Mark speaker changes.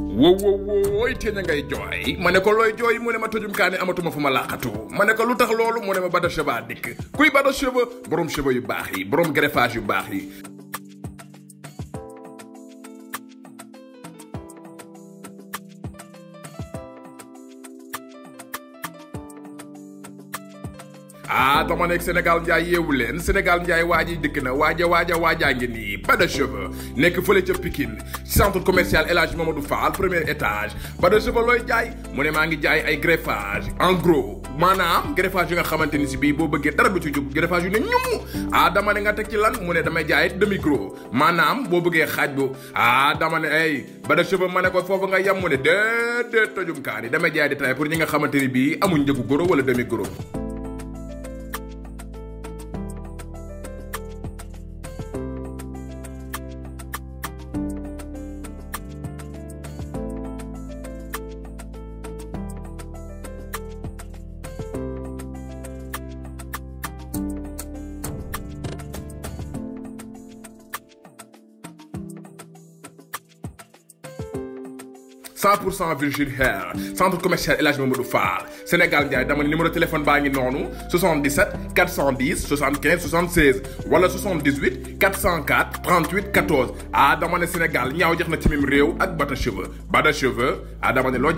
Speaker 1: wow wow wooy te na ngay jooy ma ne ko looy jooy mu ne ma tojum kaani amatuma fu ma làqatu ma ne ko lu tax loolu mu ne ma bada cheva dikk kuy bada cheva borom cheva yu baax yi borom greffage yu baax yi ah dama nek Senegal njaay yewu len senegal njaay waji dekk na wajah waja waja ngi ni pas de cheveux nek fële ci pikine centre commercial elage Mamadou Fall premier étage pas de cheveux loy jaay mune ma ngi jaay ay greffage en gros manam greffage nga xamanteni ci bi bo beugé dara du ci jog greffage yu ne ñum ah dama ne nga tek ci lan mune dama damay demi gros manam bo beugé xaj bu ah dama ne ay ba de cheveux mané ko fofu nga yam mune de de tojum kaani damay di tay pour ñi nga xamanteni bi amuñ goro wala demi gros 100% Virgin Hair centre commercial El Mamadou Fall Sénégal y a un numéro de téléphone qui est 77 410 75 76 alors 78 404 38 14 ah Sénégal il y a un petit ak bata cheveux bata cheveux ah dama